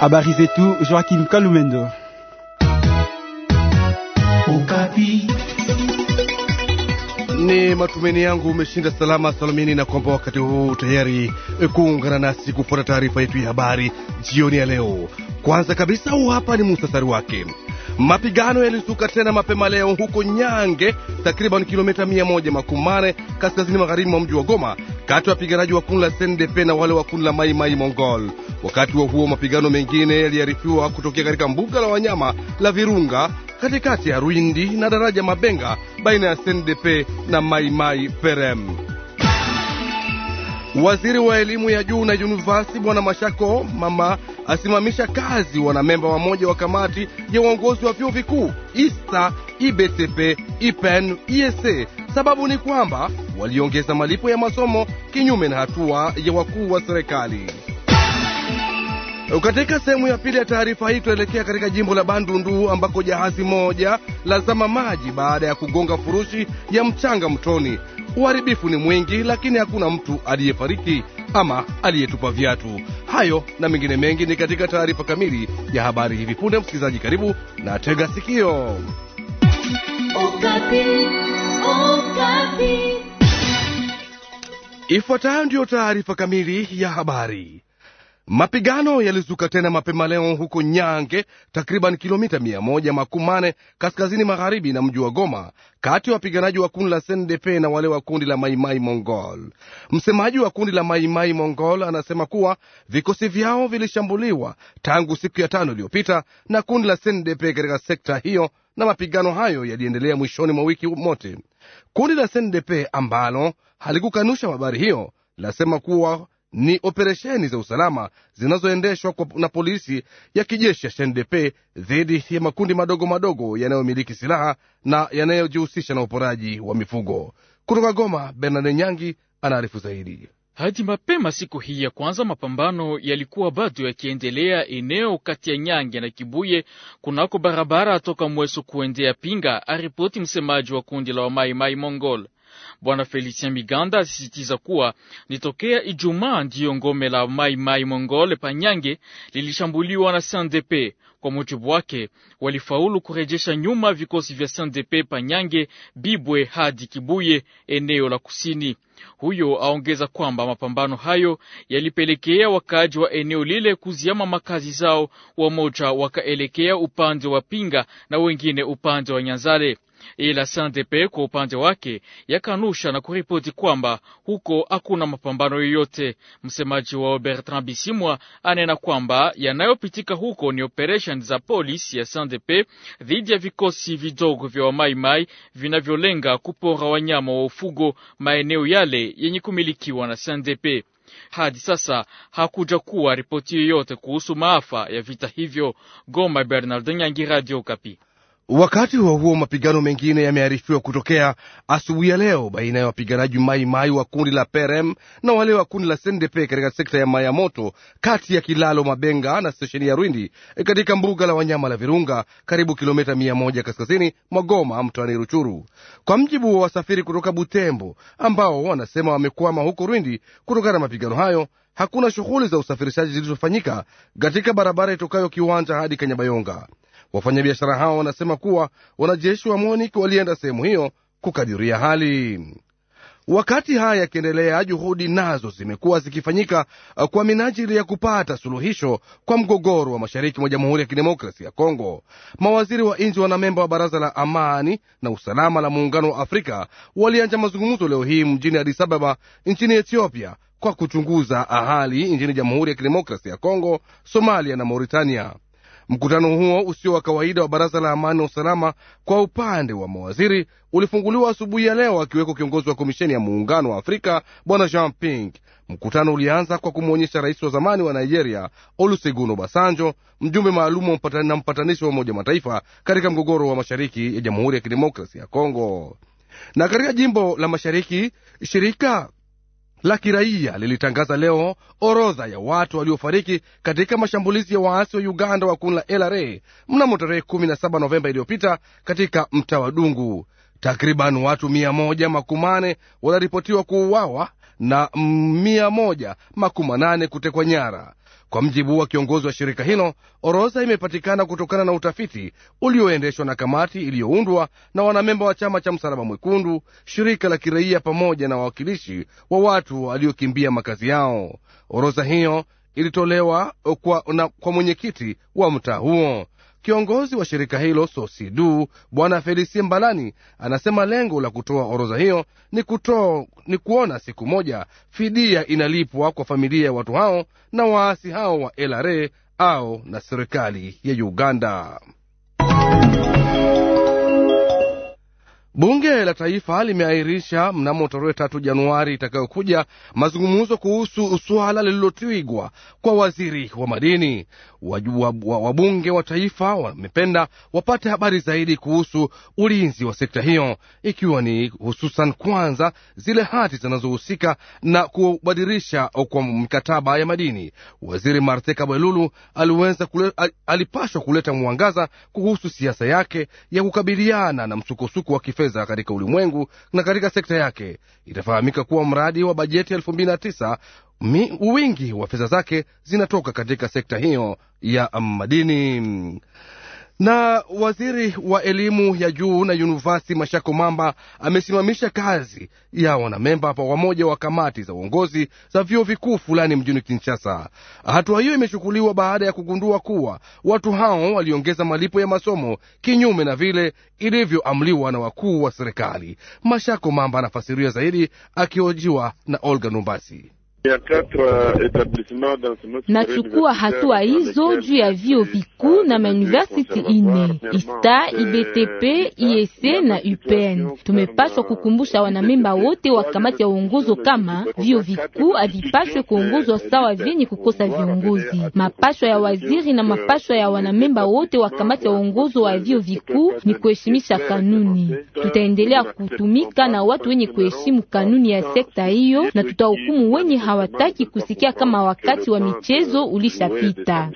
Habari zetu Joachim Kalumendo. Okapi. Ni matumaini yangu umeshinda salama salamini na kwamba wakati huu tayari kuungana nasi kufuata taarifa yetu ya habari jioni ya leo. Kwanza kabisa huu hapa ni muhtasari wake. Mapigano yalizuka tena mapema leo huko Nyange, takriban kilomita mia moja makumane kaskazini magharibi mwa mji wa Goma, kati ya wapiganaji wa kundi la SNDP na wale wa kundi la Mai Mai Mongol. Wakati wa huo mapigano mengine yaliarifiwa kutokea katika mbuga la wanyama la Virunga katikati ya Rwindi na daraja Mabenga baina ya SNDP na Mai Mai Perem. Waziri wa elimu ya juu na yunivasi Bwana Mashako Mama asimamisha kazi wanamemba wamoja wa kamati ya uongozi wa vyuo vikuu ISTA, IBCP, IPEN, ISA. Sababu ni kwamba waliongeza malipo ya masomo kinyume na hatua ya wakuu wa serikali. Katika sehemu ya pili ya taarifa hii tunaelekea katika jimbo la Bandundu ambako jahazi moja lazama maji baada ya kugonga furushi ya mchanga mtoni. Uharibifu ni mwingi, lakini hakuna mtu aliyefariki ama aliyetupa viatu. Hayo na mengine mengi ni katika taarifa kamili ya habari hivi punde. Msikilizaji, karibu na tega sikio. Ifuatayo ndiyo taarifa kamili ya habari. Mapigano yalizuka tena mapema leo huko Nyange, takriban kilomita mia moja kaskazini magharibi na mji wa Goma, kati ya wapiganaji wa kundi la SNDP na wale wa kundi la Maimai Mongol. Msemaji wa kundi la Maimai Mongol anasema kuwa vikosi vyao vilishambuliwa tangu siku ya tano iliyopita na kundi la SNDP katika sekta hiyo na mapigano hayo yaliendelea mwishoni mwa wiki mote. Kundi la SNDP ambalo halikukanusha habari hiyo lasema kuwa ni operesheni za usalama zinazoendeshwa na polisi ya kijeshi ya Shendepe dhidi ya makundi madogo madogo yanayomiliki silaha na yanayojihusisha na uporaji wa mifugo. Kutoka Goma, Bernard Nyangi anaarifu zaidi. Hadi mapema siku hii ya kwanza, mapambano yalikuwa bado yakiendelea eneo kati ya Nyange na Kibuye kunako barabara toka Mweso kuendea Pinga, aripoti msemaji wa kundi la Wamaimai Mongol. Bwana Felicien Miganda asisitiza kuwa nitokea Ijumaa ndiyo ngome la Mai Mai Mongole Panyange lilishambuliwa na SNDP. Kwa mujibu wake, walifaulu kurejesha nyuma vikosi vya SNDP Panyange, Bibwe hadi Kibuye, eneo la kusini. Huyo aongeza kwamba mapambano hayo yalipelekea wakaaji wa eneo lile kuziama makazi zao, wamoja wakaelekea upande wa Pinga na wengine upande wa Nyanzale ila SNDP kwa upande wake yakanusha na kuripoti kwamba huko hakuna mapambano yoyote. Msemaji wao Bertrand Bisimwa anena kwamba yanayopitika huko ni operation za polisi ya SNDP dhidi ya vikosi vidogo vya wamaimai vinavyolenga kupora wanyama wa ufugo maeneo yale yenye kumilikiwa na SNDP. Hadi sasa hakuja kuwa ripoti yoyote kuhusu maafa ya vita hivyo. Goma, bernard Nyangi, Radio Kapi. Wakati huo huo, mapigano mengine yamearifiwa kutokea asubuhi ya leo baina ya wapiganaji maimai wa kundi la PRM na wale wa kundi la SNDP katika sekta ya Mayamoto, kati ya Kilalo Mabenga na stesheni ya Rwindi eh, katika mbuga la wanyama la Virunga, karibu kilomita mia moja kaskazini mwa Goma, mtoani Ruchuru, kwa mjibu wa wasafiri kutoka Butembo ambao wanasema wamekwama huko Rwindi kutokana na mapigano hayo. Hakuna shughuli za usafirishaji zilizofanyika katika barabara itokayo Kiwanja hadi Kanyabayonga. Wafanyabiashara hao wanasema kuwa wanajeshi wa MONUC walienda sehemu hiyo kukadiria hali. Wakati haya yakiendelea, juhudi nazo zimekuwa zikifanyika uh, kwa minajili ya kupata suluhisho kwa mgogoro wa mashariki mwa Jamhuri ya Kidemokrasi ya Kongo. Mawaziri wa nchi wanamemba wa Baraza la Amani na Usalama la Muungano wa Afrika walianja mazungumzo leo hii mjini Addis Ababa nchini Ethiopia kwa kuchunguza hali nchini Jamhuri ya Kidemokrasi ya Kongo, Somalia na Mauritania. Mkutano huo usio wa kawaida wa baraza la amani na usalama kwa upande wa mawaziri ulifunguliwa asubuhi ya leo, akiweko kiongozi wa komisheni ya muungano wa Afrika bwana Jean Ping. Mkutano ulianza kwa kumwonyesha rais wa zamani wa Nigeria Olusegun Obasanjo, mjumbe maalum na mpatanishi wa Umoja Mataifa katika mgogoro wa mashariki ya Jamhuri ya Kidemokrasia ya Kongo. Na katika jimbo la mashariki shirika la kiraia lilitangaza leo orodha ya watu waliofariki katika mashambulizi ya waasi wa Uganda wa kundi la LRA mnamo tarehe 17 Novemba iliyopita katika mtaa wa Dungu. Takriban watu mia makumane wanaripotiwa kuuawa na mia makumanane kutekwa nyara. Kwa mjibu wa kiongozi wa shirika hilo, orodha imepatikana kutokana na utafiti ulioendeshwa na kamati iliyoundwa na wanamemba wa chama cha Msalaba Mwekundu, shirika la kiraia, pamoja na wawakilishi wa watu waliokimbia makazi yao. Orodha hiyo ilitolewa kwa, kwa mwenyekiti wa mtaa huo. Kiongozi wa shirika hilo Sosidu, Bwana Felisie Mbalani, anasema lengo la kutoa orodha hiyo ni, kutoa, ni kuona siku moja fidia inalipwa kwa familia ya watu hao na waasi hao wa LRA au na serikali ya Uganda. Bunge la Taifa limeahirisha mnamo tarehe tatu Januari itakayokuja mazungumzo kuhusu suala lililotwigwa kwa waziri wa madini. Wabunge wa Taifa wamependa wapate habari zaidi kuhusu ulinzi wa sekta hiyo, ikiwa ni hususan kwanza zile hati zinazohusika na kubadilisha kwa mikataba ya madini. Waziri Marthe Kabwelulu aliweza kule, alipashwa kuleta mwangaza kuhusu siasa yake ya kukabiliana na msukosuko wa kifedha fedha katika ulimwengu na katika sekta yake. Itafahamika kuwa mradi wa bajeti elfu wingi wa fedha zake zinatoka katika sekta hiyo ya madini. Na waziri wa elimu ya juu na yunivasi Mashako Mamba amesimamisha kazi ya wanamemba pamoja wa kamati za uongozi za vyuo vikuu fulani mjini Kinshasa. Hatua hiyo imechukuliwa baada ya kugundua kuwa watu hao waliongeza malipo ya masomo kinyume na vile ilivyoamliwa na wakuu wa serikali. Mashako Mamba anafasiria zaidi akihojiwa na Olga Numbasi. Euh, Nachukua hatua hizo juu ya vio vikuu na mauniversiti ine ISTA, IBTP, IEC na UPN. Tumepaswa kukumbusha wanamemba wote wa kamati ya uongozo kama vio vikuu avipashwe kuongozwa sawa vyenye kukosa viongozi. Mapashwa ya waziri na mapashwa ya wanamemba wote wa kamati ya uongozo wa vio vikuu ni kuheshimisha kanuni. Tutaendelea kutumika na watu wenye kuheshimu kanuni ya sekta hiyo na tutahukumu wenye hawataki kusikia kama wakati wa michezo ulishapita.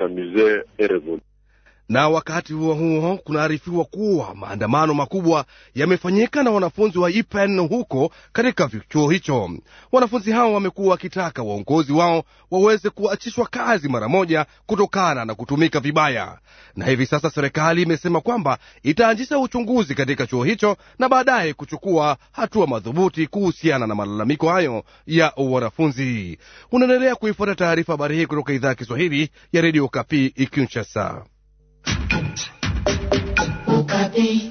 Na wakati huo huo kunaarifiwa kuwa maandamano makubwa yamefanyika na wanafunzi wa IPEN huko katika chuo hicho. Wanafunzi hao wamekuwa wakitaka waongozi wao waweze kuachishwa kazi mara moja kutokana na kutumika vibaya, na hivi sasa serikali imesema kwamba itaanzisha uchunguzi katika chuo hicho na baadaye kuchukua hatua madhubuti kuhusiana na malalamiko hayo ya wanafunzi. Unaendelea kuifuata taarifa habari hii kutoka idhaa ya Kiswahili ya redio Kapi Kinshasa. Ukapi.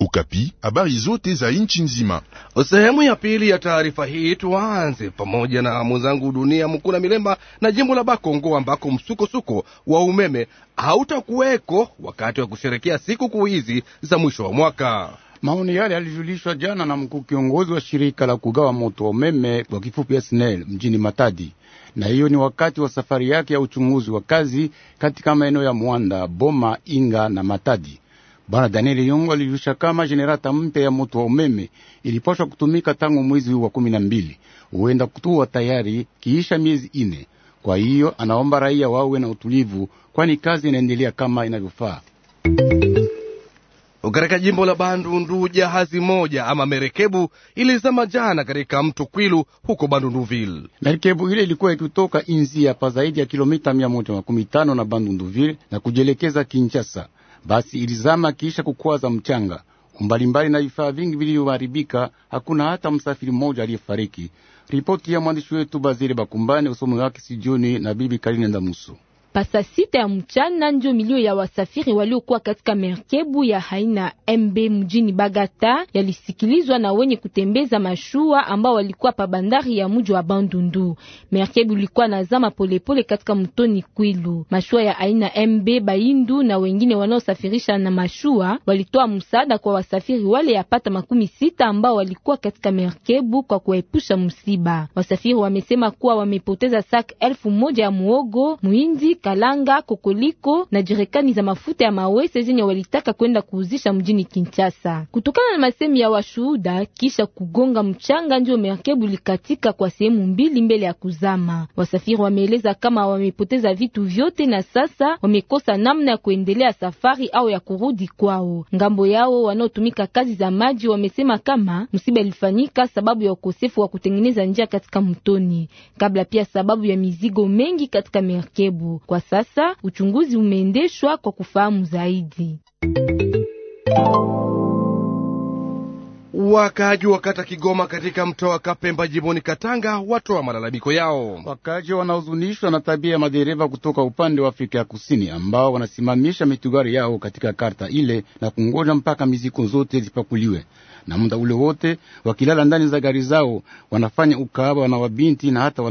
Ukapi, habari zote za nchi nzima. Sehemu ya pili ya taarifa hii tuanze pamoja na mwenzangu Dunia Mkuna Milemba na jimbo la Bakongo ambako msukosuko wa umeme hautakuweko wakati wa kusherekea kuu hizi za mwisho wa mwaka. Maoni yale yalijulishwa jana na mkuu kiongozi wa shirika la kugawa moto wa umeme kwa kifupi SNEL mjini Matadi, na hiyo ni wakati wa safari yake ya uchunguzi wa kazi katika maeneo ya Mwanda, Boma, Inga na Matadi. Bwana Daniel Yongo alijusha kama jenerata mpya ya moto wa umeme ilipaswa kutumika tangu mwezi wa kumi na mbili huenda kutua tayari kiisha miezi ine. Kwa hiyo anaomba raia wawe na utulivu, kwani kazi inaendelea kama inavyofaa. Katika jimbo la Bandundu, jahazi moja ama merekebu ilizama jana katika mto Kwilu huko Bandunduville. Merekebu ile ilikuwa ikitoka Inzia pa zaidi ya kilomita 115 na Bandunduville na kujielekeza Kinshasa. Basi ilizama kisha kukwaza mchanga umbalimbali na vifaa vingi vilivyoharibika. Hakuna hata msafiri mmoja aliyefariki. Ripoti ya mwandishi wetu Bazile Bakumbani, usomi wake Sijuni na Bibi Karine Ndamusu pasa sita ya mchana ndio milio ya wasafiri waliokuwa katika merkebu ya haina MB mjini Bagata yalisikilizwa na wenye kutembeza mashua ambao walikuwa pa bandari ya mji wa Bandundu. Merkebu ilikuwa nazama polepole katika mtoni Kwilu. Mashua ya haina MB Baindu na wengine wanaosafirisha na mashua walitoa msaada kwa wasafiri wale yapata makumi sita ambao walikuwa katika merkebu kwa kuepusha msiba. Wasafiri wamesema kuwa wamepoteza sak elfu moja ya muogo, muindi kalanga, kokoliko na jerekani za mafuta ya mawese zenye walitaka kwenda kuuzisha mjini Kinshasa. Kutokana na masemi ya washuhuda, kisha kugonga mchanga, ndio merkebu likatika kwa sehemu mbili mbele ya kuzama. Wasafiri wameeleza kama wamepoteza vitu vyote na sasa wamekosa namna ya kuendelea safari au ya kurudi kwao. Ngambo yao wanaotumika kazi za maji wamesema kama msiba ilifanyika sababu ya ukosefu wa kutengeneza njia katika mtoni, kabla pia sababu ya mizigo mengi katika merkebu. Kwa sasa uchunguzi umeendeshwa kwa kufahamu zaidi. Wakaaji wa kata Kigoma katika mtaa wa Kapemba jimboni Katanga watoa wa malalamiko yao. Wakaaji wanahuzunishwa na tabia ya madereva kutoka upande wa Afrika ya Kusini ambao wanasimamisha mitugari yao katika karta ile na kungoja mpaka mizigo zote zipakuliwe, na muda ule wote wakilala ndani za gari zao, wanafanya ukahaba na wabinti na hata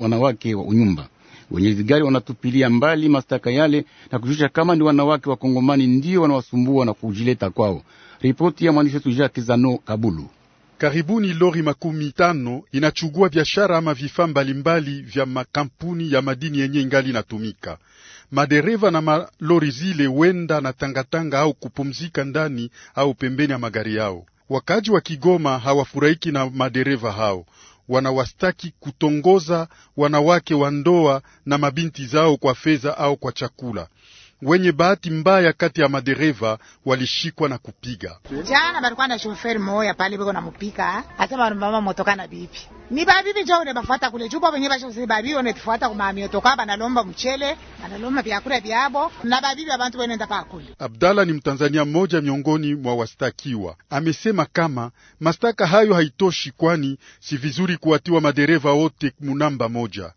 wanawake wa unyumba wenyezi gari wanatupilia mbali mashtaka yale na kushusha kama ni wanawake wa Kongomani ndio wanawasumbua na kujileta kwao. Ripoti ya mwandishi wetu Jacques Zano Kabulu. Karibuni lori makumi tano inachugua biashara ama vifaa mbalimbali vya makampuni ya madini yenye ingali inatumika. Madereva na malori zile wenda na tangatanga au kupumzika ndani au pembeni ya magari yao. Wakaji wa Kigoma hawafurahiki na madereva hao wanawastaki kutongoza wanawake wa ndoa na mabinti zao kwa fedha au kwa chakula wenye bahati mbaya kati ya madereva walishikwa na kupiga. Jana balikuwa na shoferi moya pale biko namupika hasa mama motoka na bibi ni babibi bijo ne bafuata kule jupo wenye basho se babi one tufuata kuma miotoka banalomba mchele banalomba vyakula vyabo na babibi abantu wenenda pa kule. Abdalla ni mtanzania mmoja miongoni mwa wastakiwa, amesema kama mastaka hayo haitoshi, kwani si vizuri kuwatiwa madereva wote munamba moja.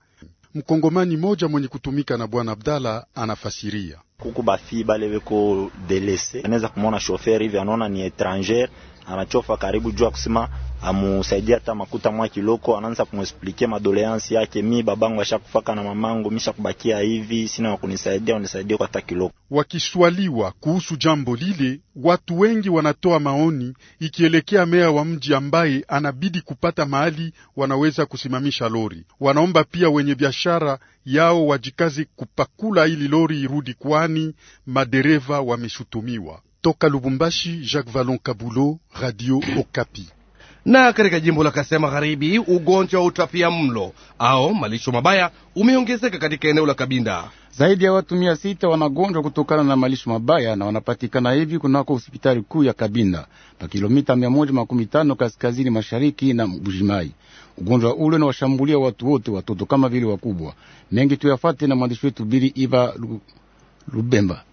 Mkongomani moja mwenye kutumika na bwana Abdalla anafasiria kuku bafii bale beko delese anaweza kumwona shoferi hivi anaona ni etranger anachofa karibu juu ya kusema amusaidia hata makuta mwa kiloko, anaanza kumwesplike madoleansi yake, mi babangu ashakufaka na mamangu misha kubakia hivi, sina wakunisaidia, unisaidie kwa hata kiloko. Wakiswaliwa kuhusu jambo lile, watu wengi wanatoa maoni ikielekea meya wa mji ambaye anabidi kupata mahali wanaweza kusimamisha lori. Wanaomba pia wenye biashara yao wajikazi kupakula ili lori irudi, kwani madereva wameshutumiwa. Toka Lubumbashi, Jacques Vallon Kabulo, Radio Okapi. Na katika jimbo la Kasai Magharibi, ugonjwa wa utapia mlo au malisho mabaya umeongezeka katika eneo la Kabinda. Zaidi ya watu mia sita wanagonjwa kutokana na malisho mabaya na wanapatikana hivi kunako hospitali kuu ya Kabinda na kilomita mia moja makumi tano kaskazini mashariki na Mbujimai. Ugonjwa ule unawashambulia watu wote, watoto kama vile wakubwa. Mengi tuyafate na mwandishi wetu Bili Iva Lubemba.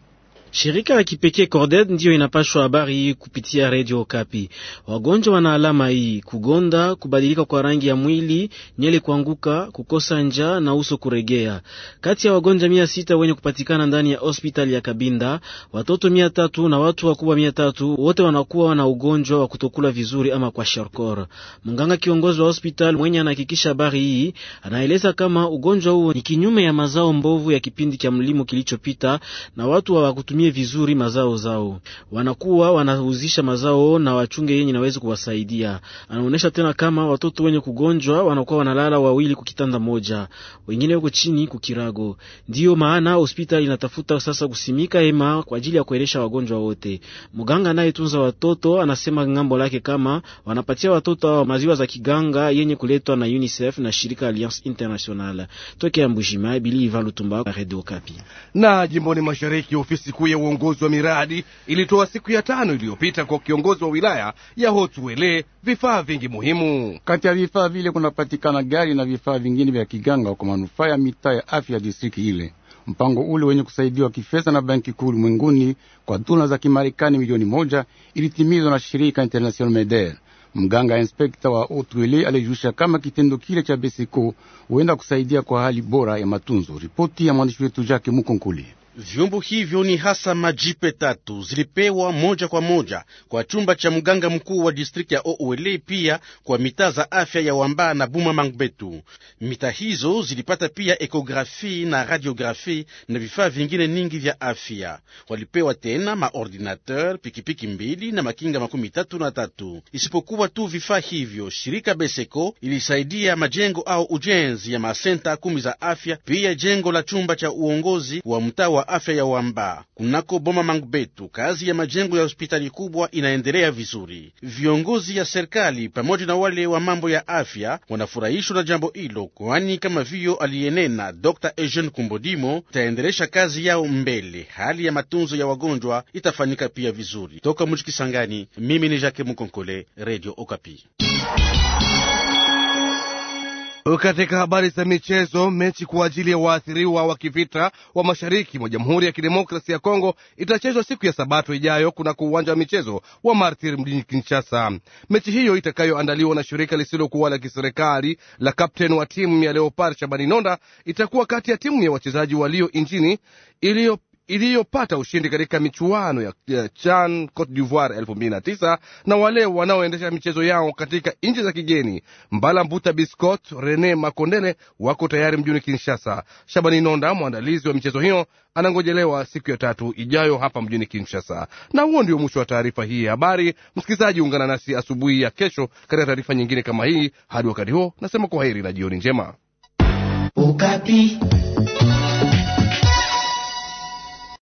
Shirika ya kipekee Corded ndiyo inapashwa habari hii kupitia redio Kapi. Wagonjwa wana alama hii: kugonda, kubadilika kwa rangi ya mwili, nyele kuanguka, kukosa njaa na uso kuregea. Kati ya wagonjwa mia sita wenye kupatikana ndani ya hospitali ya Kabinda, watoto mia tatu na watu wakubwa mia tatu wote wanakuwa na ugonjwa wa kutokula vizuri ama kwa sharkor. Mganga kiongozi wa hospitali mwenye anahakikisha habari hii anaeleza kama ugonjwa huo ni kinyume ya mazao mbovu ya kipindi cha mlimo kilichopita na watu hawakutumia watumie vizuri mazao zao. Wanakuwa wanauzisha mazao na wachunge yenye nawezi kuwasaidia. Anaonyesha tena kama watoto wenye kugonjwa wanakuwa wanalala wawili kukitanda moja, wengine wako chini kukirago. Ndiyo maana hospitali inatafuta sasa kusimika hema kwa ajili ya kuelesha wagonjwa wote. Mganga anayetunza watoto anasema ngambo lake kama wanapatia watoto hao maziwa za kiganga yenye kuletwa na UNICEF na shirika Alliance Internationale. Tokea Mbushima, Bili Ivan Lutumba, Radio Okapi. Na jimboni mashariki ofisi kuu kuu ya uongozi wa miradi ilitoa siku ya tano iliyopita kwa kiongozi wa wilaya ya Hotwele vifaa vingi muhimu. Kati ya vifaa vile kunapatikana gari na vifaa vingine vya kiganga kwa manufaa ya mitaa ya afya ya distriki ile. Mpango ule wenye kusaidiwa kifedha na Banki Kuu ulimwenguni kwa dola za Kimarekani milioni moja ilitimizwa na shirika International Meder. Mganga ya inspekta wa Otwele alijulisha kama kitendo kile cha Besiko huenda kusaidia kwa hali bora ya matunzo. Ripoti ya mwandishi wetu Jake Mukonkuli. Vyombo hivyo ni hasa majipe tatu zilipewa moja kwa moja kwa chumba cha mganga mkuu wa distrikti ya Ouele, pia kwa mitaa za afya ya Wamba na Buma Mangbetu. mita hizo zilipata pia ekografi na radiografi na vifaa vingine ningi vya afya. Walipewa tena maordinateur, pikipiki mbili na makinga makumi tatu na tatu. Isipokuwa tu vifaa hivyo, shirika Beseko ilisaidia majengo au ujenzi ya masenta kumi za afya, pia jengo la chumba cha uongozi wa mtaa wa afya ya Wamba. Kunako Boma Mangbetu, kazi ya majengo ya hospitali kubwa inaendelea vizuri. Viongozi ya serikali pamoja na wale wa mambo ya afya wanafurahishwa na jambo hilo, kwani kama vio aliyenena Dr Eugene Kumbodimo, itaendelesha kazi yao mbele. Hali ya matunzo ya wagonjwa itafanyika pia vizuri. Toka Mujikisangani, mimi ni Jacques Mukonkole, Radio Okapi. Katika habari za michezo, mechi kwa ajili ya waathiriwa wa kivita wa mashariki mwa Jamhuri ya Kidemokrasia ya Kongo itachezwa siku ya Sabato ijayo kunako uwanja wa michezo wa Martir mjini Kinshasa. Mechi hiyo itakayoandaliwa na shirika lisilokuwa la kiserikali la kapten wa timu ya Leopard Shabani Nonda itakuwa kati ya timu ya wachezaji walio injini iliyo iliyopata ushindi katika michuano ya, CHAN Cote d'Ivoire 2009 na wale wanaoendesha michezo yao katika nchi za kigeni. Mbala Mbuta Biscot Rene Makondele wako tayari mjini Kinshasa. Shabani Nonda, mwandalizi wa michezo hiyo, anangojelewa siku ya tatu ijayo hapa mjini Kinshasa. Na huo ndio mwisho wa taarifa hii ya habari. Msikilizaji, ungana nasi asubuhi ya kesho katika taarifa nyingine kama hii. Hadi wakati huo, nasema kwa heri na jioni njema. Ukapi.